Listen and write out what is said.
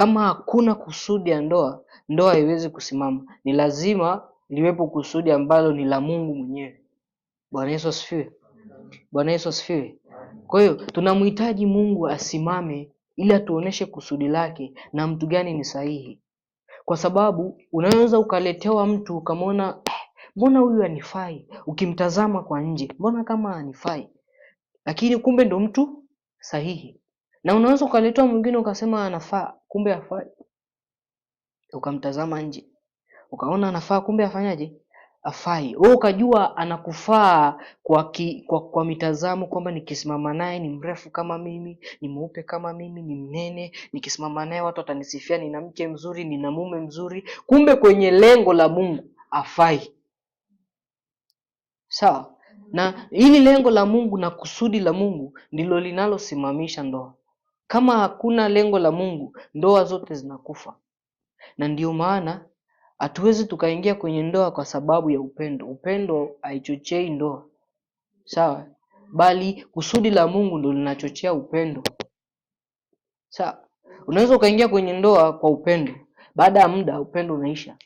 Kama hakuna kusudi ya ndoa, ndoa haiwezi kusimama. Ni lazima liwepo kusudi ambalo ni la Mungu mwenyewe. Bwana Yesu asifiwe. Bwana Yesu asifiwe. Kwa hiyo tunamhitaji Mungu asimame ili atuoneshe kusudi lake na mtu gani ni sahihi, kwa sababu unaweza ukaletewa mtu ukamwona, eh, mbona huyu anifai Ukimtazama kwa nje, mbona kama anifai lakini kumbe ndo mtu sahihi na unaweza ukaletwa mwingine ukasema anafaa kumbe hafai, ukamtazama nje ukaona anafaa kumbe afanyaje afai, wewe ukajua anakufaa kwa, ki, kwa, kwa mitazamo kwamba nikisimama naye ni mrefu kama mimi, ni mweupe kama mimi, ni mnene, nikisimama naye watu watanisifia, nina mke mzuri, nina mume mzuri, kumbe kwenye lengo la Mungu afai. Sawa na hili lengo la Mungu na kusudi la Mungu ndilo linalosimamisha ndoa. Kama hakuna lengo la Mungu, ndoa zote zinakufa, na ndiyo maana hatuwezi tukaingia kwenye ndoa kwa sababu ya upendo. Upendo haichochei ndoa, sawa, bali kusudi la Mungu ndo linachochea upendo. Sawa, unaweza ukaingia kwenye ndoa kwa upendo, baada ya muda upendo unaisha.